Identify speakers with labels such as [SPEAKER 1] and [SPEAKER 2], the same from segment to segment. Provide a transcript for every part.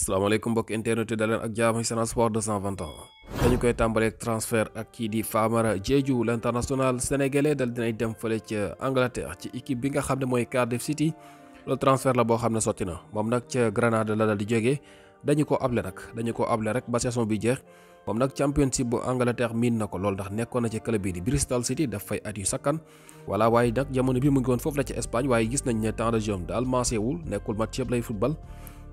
[SPEAKER 1] Assalamualaikum mbokk internet daleen ak jaam Sen Sport 221 dañu koy tàmbaleeg transfert ak kii di Famara Jeju l' international sénégalais dal dinay dem fële ca Angleterre ci équipe bi nga Cardiff City le transfert la boo xam ne na Granada la dal di jógee dañu ko able nag dañu ko able rek ba saison bi jeex moom championship bu Angleterre miin na ko ndax ci club bi Bristol City daf fay at yu sakkan voilà waaye nag jamono bi mu ngi woon foofu la ca Espagne waaye gis nañ temps de jeu match football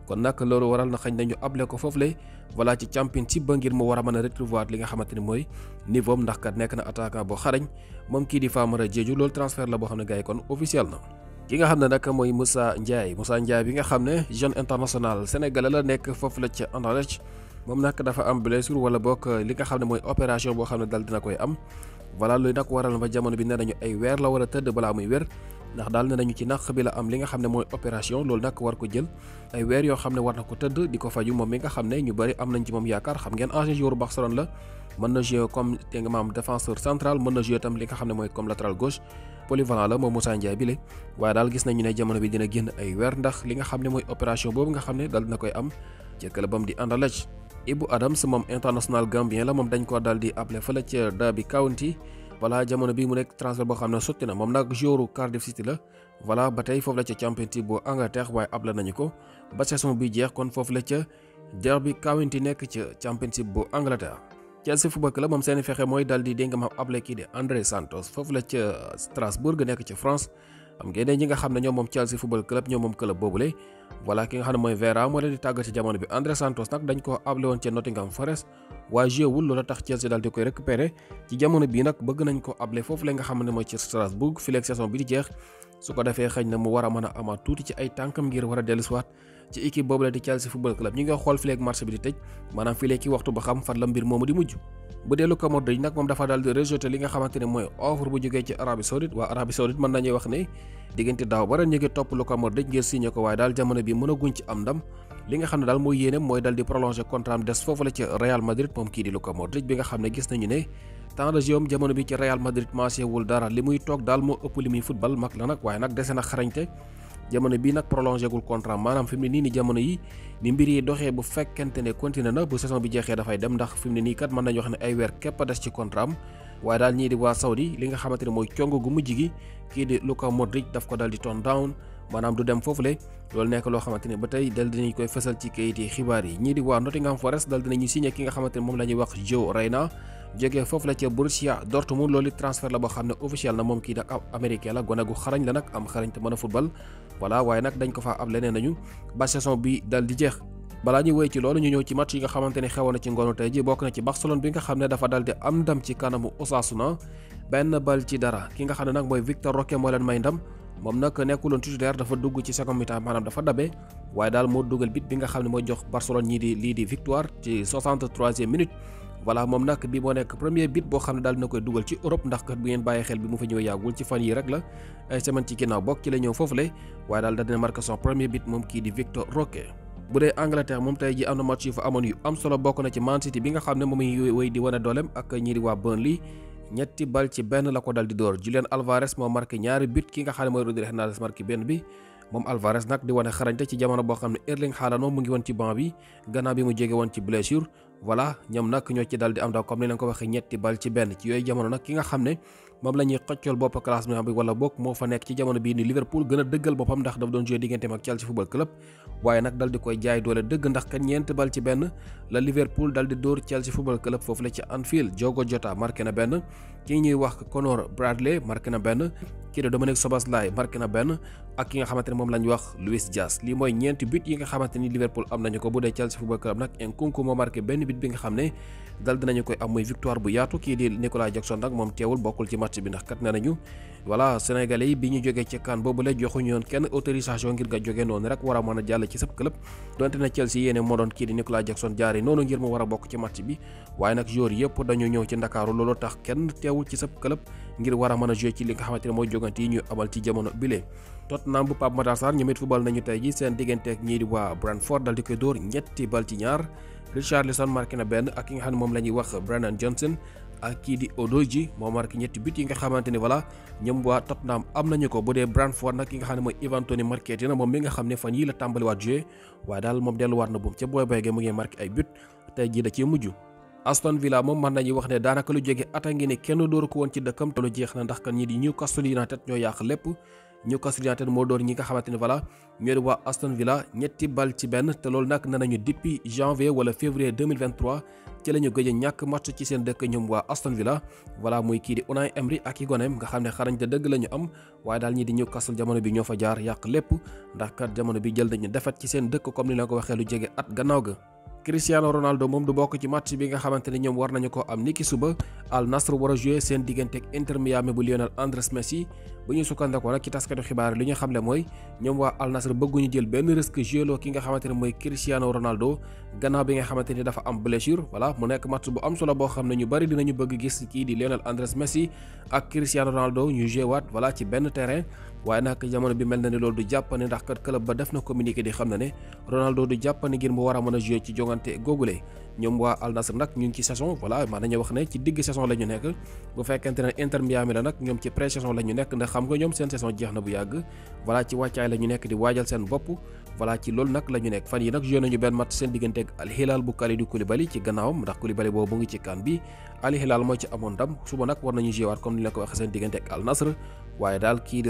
[SPEAKER 1] kon nag loolu waral na xañ nañu able ko foofu lay voilà ci championship ba ngir mu war a mën a retrouver li nga xamante ni mooy niveau am ndax kat nekk na attaquant boo xarañ moom kii di Famara Diédhiou loolu transfert la boo xam ne gars kon officiel na. ki nga xam ne nag mooy Moussa Ndiaye Moussa Ndiaye bi nga xam ne jeune international sénégalais la nekk foofu la ca Anderlecht moom nag dafa am blessure wala boog li nga xam ne mooy opération boo xam ne dal dina koy am voilà loolu nag waral na ba jamono bi nee nañu ay weer la war tëdd balaa muy wér. ndax daal ne nañu ci naq bi la am li nga xam ne mooy opération loolu nag war ko jël ay weer yoo xam ne war na ko tëdd di ko faju moom mi nga xam ne ñu bëri am nañ ci moom yaakaar xam ngeen ancien joueur Barcelone la mën na jouer comme te maam défenseur central mën na jouer tam li nga xam ne comme latéral gauche polyvalent la moom Moussa Ndiaye bi le waaye daal gis nañu ne jamono bi dina génn ay weer ndax li nga xam ne mooy opération nga xam dal na am ci clubam di Anderlecht Ibu Adams moom international gambien la moom dañ ko dal di appelé fële Derby County voilà jamono bii mu nekk transfert boo xam ne sotti na moom nag joueur Cardiff City la voilà ba tey foofu la ca championship bu Angleterre waaye ab la nañu ko ba saison bi jeex kon foofu la ca Derby County nekk ca championship bu Angleterre. Chelsea Football Club moom seen fexe mooy dal di dégg nga ma ab kii de André Santos foofu la ca Strasbourg nekk ca France. xam ngeen ne nga xam ne ñoom moom Chelsea football club ñoom moom club boobule voilà ki nga xam ne mooy Vera moo leen di tàggat jamono bi André Santos nag dañ ko able woon ci Nottingham Forest waaye joué wul loola tax Chelsea daal di koy récupéré ci jamono bii nag bëgg nañ ko able foofu la nga xam ne mooy ci Strasbourg fileeg saison bi di jeex su ko defee xëy na mu war a mën a amaat tuuti ci ay tànkam ngir war a dellusiwaat ci équipe boobu la di Chelsea football club ñu ngi xool fileeg marché bi di tëj maanaam fileeg ki waxtu ba xam fan la mbir moomu di mujj bu dee Luka Modric nag moom dafa daal di rejeté li nga xamante ne mooy offre bu jógee ci Arabie Saoudite waa Arabie Saoudite mën nañuy wax ne diggante daaw ba ren topp Luka Modric ngir signé ko waaye daal jamono bi mën a guñ ci am ndam li nga xam ne daal mooy yéeneem mooy daal di prolongé contrat am des foofu la ci Real Madrid moom de jeu jamono jamono bi nag jagul gul contrat maanaam fi mu ni jamono yi ni mbir yi doxee bu fekkente ne continué na bu saison bi dem ndax kat mana nañu wax ne ay weer képp ci di waa Saudi li nga xamante ne mooy cong gu mujj gi kii di Luka Modric daf ko dal di turn down maanaam du dem foofule loolu nekk loo ba dal dinañ koy fësal ci kayit yi xibaar yi ñii di waa Nottingham Forest dal dinañu signé ki nga xamante ne moom la wax Joe Reyna jógee foofu la ca Borussia Dortmund loolu transfert la boo xam ne officiel na moom kii nag ab américain la gone gu xarañ la nag am xarañ te mën a football waaye nag dañ ko fa ab leneen nañu ba saison bi dal di jeex. balaa ñu wéy ci loolu ñu ñëw ci match yi nga xamante ni xewoon na ci ngoonu tey ji bokk na ci Barcelone bi nga xam ne dafa dal di am ndam ci kanamu Osasuna benn bal ci dara ki nga xam ne nag mooy Victor Roque moo leen may ndam moom nag nekkuloon titulaire dafa ci second mi-temps maanaam dafa dabe waaye dugal bit bi nga xam ne mooy jox Barcelone ñii di lii voilà moom nag bi moo nekk premier bit boo xam ne daal dina koy dugal ci Europe ndax kat bu ngeen bàyyi xel bi mu fa ñëw yàggul ci fan yi rek la ay semaine ci ginnaaw moom kii di moom tey ji am na match yu solo bokk na ci Man xam ne moom muy wéy di wane dooleem ak ñi di waa ki nga xam ne mooy Rodri Hernandez jamono boo xam ne Erling Haaland moom mu ngi woon ci banc bi gannaaw bi mu jóge woon ci blessure voilà ñoom nag ñoo ci dal di am daw comme ni leen ko waxee ñetti bal ci benn ci yooyu jamono nag ki nga xam ne moom la ñuy xoccool bopp classement bi wala bokk moo fa nekk ci jamono bii ni Liverpool gën a dëggal boppam ndax daf doon joué digganteem ak Chelsea Football Club waaye nag dal koy jaay doole dëgg ndax kat ñeenti bal ci benn la Liverpool dal di dóor Chelsea Football Club foofu la ci Anfield Diogo Jota marqué na benn ki ñuy wax Conor Bradley marqué na benn kii de Dominique Szoboszlai marqué na benn ak ki nga xamante ne lañ wax Luis Diaz lii mooy ñeenti but yi nga Liverpool am nañu ko bu dee Chelsea Football Club nag Nkunku moo marqué benn but bi nga dal dinañu koy am muy victoire bu yaatu kii di Nicolas Jackson nag moom teewul bokkul ci match bi ndax kat nee nañu voilà sénégalais bi ñu jógee ci kan boobu la joxuñu yoon kenn autorisation ngir nga jóge noonu rek war a mën a jàll ci sab club donte na Chelsea yéene moo doon kii di Nicolas Jackson jaare noonu ngir mu war a bokk ci match bi waaye nag joueur yëpp dañu ñëw ci ndakaaru loolu tax kenn teewul ci sab club ngir war a mën a jouer ci li nga xamante ne mooy jógante yi ñuy amal ci jamono bile Tottenham bu Pape Matar Sarr ñoom tey ji seen digganteek ñii di waa Brentford dal ñaar Richarlison marqué na benn ak ki nga xam ne moom la ñuy wax Brennan Johnson ak kii di Odoji moo marqué ñetti but yi nga xamante ni voilà ñoom waa Tottenham am nañu ko bu dee Brentford nag ki nga xam ne mooy Ivan Toney marqué na moom mi nga xam ne fan yii la tàmbaliwaat joué waaye daal moom delluwaat na buum ca booy boy ge mu ngi marqué ay but tey jii da cee mujj Aston Villa moom mën nañu wax ne daanaka lu jóge ata ngi ne kenn dooru ko woon ci dëkkam te lu jeex na ndax kan ñi di Newcastle United ñoo yàq lépp Newcastle United moo door ñi nga xamante ni voilà ñoo di waa Aston Villa ñetti bal ci benn te loolu nag ne nañu depuis janvier wala février 2023 ci la ñu gëj ñàkk match ci seen dëkk ñoom waa Aston Villa voilà muy kii di Unai mr ak i goneem nga xam ne xarañ te dëgg lañu am waaye daal ñi di Newcastle jamono bi ñoo fa jaar yàq lépp ndax kat jamono bi jël nañu defet ci seen dëkk comme ni la ko waxee lu jege at gannaaw ga Cristiano Ronaldo moom du bokk ci match bi nga xamante ne ñoom war nañu ko am niki suba Al Nassr war a joué seen digganteeg Inter Miami bu Lionel Andrés Messi bu ñu sukkandekoo nag ci taskatu xibaar li ñu xamle mooy ñoom waa Al Nassr bëgguñu jël benn risque jëloo ki nga xamante ne mooy Cristiano Ronaldo gannaaw bi nga xamante ni dafa am blessure voilà mu nekk match bu am solo boo xam ne ñu bari dinañu bëgg gis kii di Lionel Andrés Messi ak Cristiano Ronaldo ñu joué waat voilà ci benn terrain. waaye nag jamono bi mel na ne lool du jàppane ndax kat club ba def na communiqué di xam na ne Ronaldo du jàppane ngir mu war a mën a joué ci jongante googule ñoom waa Al Nassr nag ñu ni ci saison voilà man nañu wax ne ci digg saison la nekk bu fekkente ne Inter Miami la nag ñoom ci pré saison la ñu nekk ndax xam nga ñoom seen saison jeex na bu yàgg voilà ci wàccaay la ñu nekk di waajal seen bopp voilà ci loolu nag la ñu nekk fan yi nag joué nañu benn match seen diggante ak Al Hilal bu Kalidou Koulibaly ci gannaawam ndax Koulibaly boobu mu ngi ci kan bi Al Hilal moo ci amoon ndam suba nag war nañu joué waat comme ni la ko waxee seen diggante ak Al Nassr waaye daal kii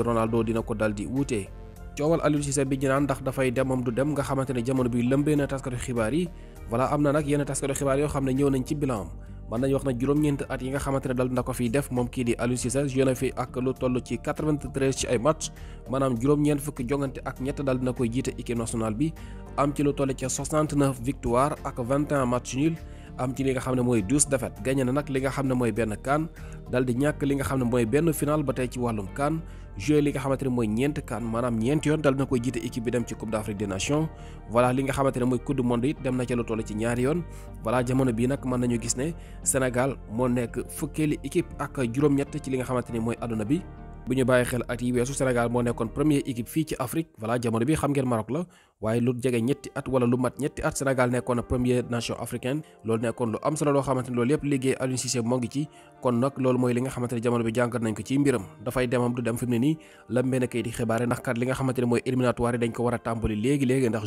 [SPEAKER 1] ko dal di wuute coowal bi naan ndax dafay dem moom dem nga xamante ne jamono bi lëmbee na taskatu xibaar yi voilà am na nag yenn taskatu xibaar yoo xam ne ñëw nañ ci bilan am mën nañu wax na juróom-ñeent at yi nga xamante ne dal na ko fiy def moom kii di Aliou Cissé joué na ak lu toll ci 93 ci ay match maanaam juróom-ñeent fukki jongante ak ñett dal dina koy jiite équipe nationale bi am ci lu toll ci 69 victoire ak 21 match nul am ci li nga xam ne mooy douze défaites gagné na nag li nga xam ne mooy benn kaan dal di ñàkk li nga xam ne mooy benn final ba tey ci wàllum kaan joué li nga xamante ne mooy ñeent kaan maanaam ñeent yoon dal na koy jiite équipe bi dem ci coupe d' afrique des nations li nga xamante ne mooy coupe du monde it dem na ca lu toll ci ñaari yoon voilà jamono bii nag mën nañu gis ne Sénégal moo nekk fukkeeli équipe ak juróom-ñett ci li nga xamante ne mooy àdduna bi bu ñu bàyyi xel at yi weesu Sénégal moo nekkoon première équipe fii ci Afrique voilà jamono bi xam ngeen Maroc la waaye lu jege ñetti at wala lu mat ñetti at Sénégal nekkoon na première nation africaine loolu nekkoon lu am solo loo xamante ne loolu yëpp liggéey Aliou Cissé moo ngi ci kon nag loolu mooy li nga xamante jamono bi jàngat nañ ko ci mbiram dafay demam du dem fi mu nii lambee na kay di xibaare ndax kat li nga xamante mooy éliminatoire yi a tàmbali léegi-léegi ndax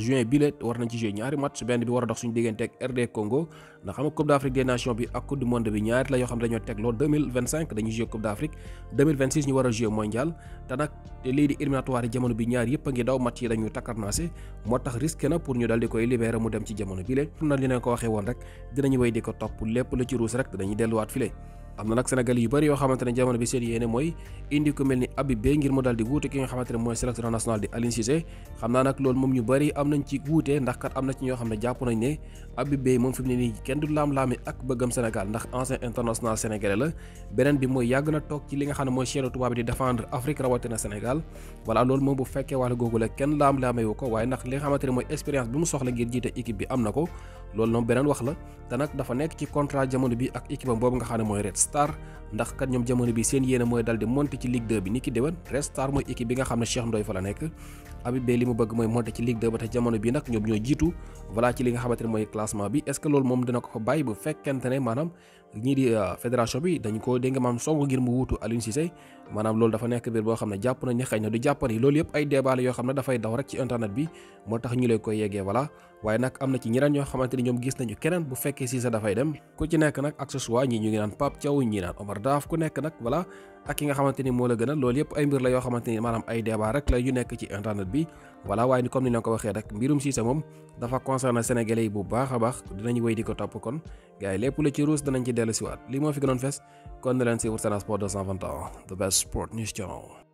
[SPEAKER 1] a dox suñu ndax xam nga coupe d' afrique des nations bi ak coupe du monde bi ñaari la yoo xam dañoo teg dañuy joué coupe d' afrique 2026 ñu war a joué mondial te lii di éliminatoire jamono bi ñaar yëpp a ngi daw match yi dañu takkarnaase moo tax risque na pour ñu dal di koy libéré mu dem ci jamono bi lé pour na li ne ko waxee woon rek dinañu wéy di ko topp lépp la ci ruus rek dinañu delluwaat file am na nag sénégalais yu bëri yoo xamante ne jamono bi seen yéene mooy indi ku mel ni Habib Beye ngir mu daal di wuute ki nga xamante mooy sélectionneur national di Aliou Cissé xam naa nag loolu moom ñu bëri am nañ ci wuute ndax kat am na ci ñoo xam ne jàpp nañ ne Habib Beye moom fi ne nii kenn du laam-laami ak bëggam Sénégal ndax ancien international sénégalais la beneen bi mooy yàgg na toog ci li nga xam ne mooy chaîne tubaab bi di défendre Afrique rawatina loolu moom bu fekkee wàll kenn laam-laamewu ko waaye ndax li nga xamante ne mooy expérience bi mu soxla ko loolu moom beneen wax la te nag dafa nekk ci contrat jamono bi ak équipe am boobu nga xam ne mooy Red Star ndax kat ñoom jamono bi seen yéene mooy dal di monter ci Ligue bi ni ki déwén Red Star mooy équipe bi nga xam ne Cheikh Ndoye fa la nekk Habib Beye li mu bëgg mooy monter ci Ligue ba te jamono bi nag ñoom ñoo jiitu voilà ci li nga xamante ne mooy classement bi est-ce loolu moom dina ko fa bàyyi bu fekkente ne maanaam ñii di euh, fédération bi dañu ko dégg maam song ngir mu wuutu Aliou Cissé maanaam loolu dafa nekk biir boo xam ne jàpp nañ ne xëy na du jàppani loolu yëpp ay débat la yoo xam ne dafay daw rek ci internet bi moo tax ñu lay koy yeggee voilà waaye nag am na ci ñeneen ñoo xamante ni ñoom gis nañu keneen bu fekkee Cissé dafay dem ku ci nekk nag accessoire ñii ñu ngi naan Pape Thiaw ñii naan Omar Daf ku nekk nag voilà ak ki nga xamante ni moo la gënal loolu yëpp ay mbir la yoo xamante ni maanaam ay débat rek la yu nekk ci internet bi voilà waaye ni comme ni leen ko waxee rek mbirum Cissé moom dafa concerné sénégalais yi bu baax a baax dinañu di ko topp kon gars lépp lu ci ruus danañ ci dellu siwaat lii moo fi gënoon fes kon na leen si Sen Sports 221 the best sport news channel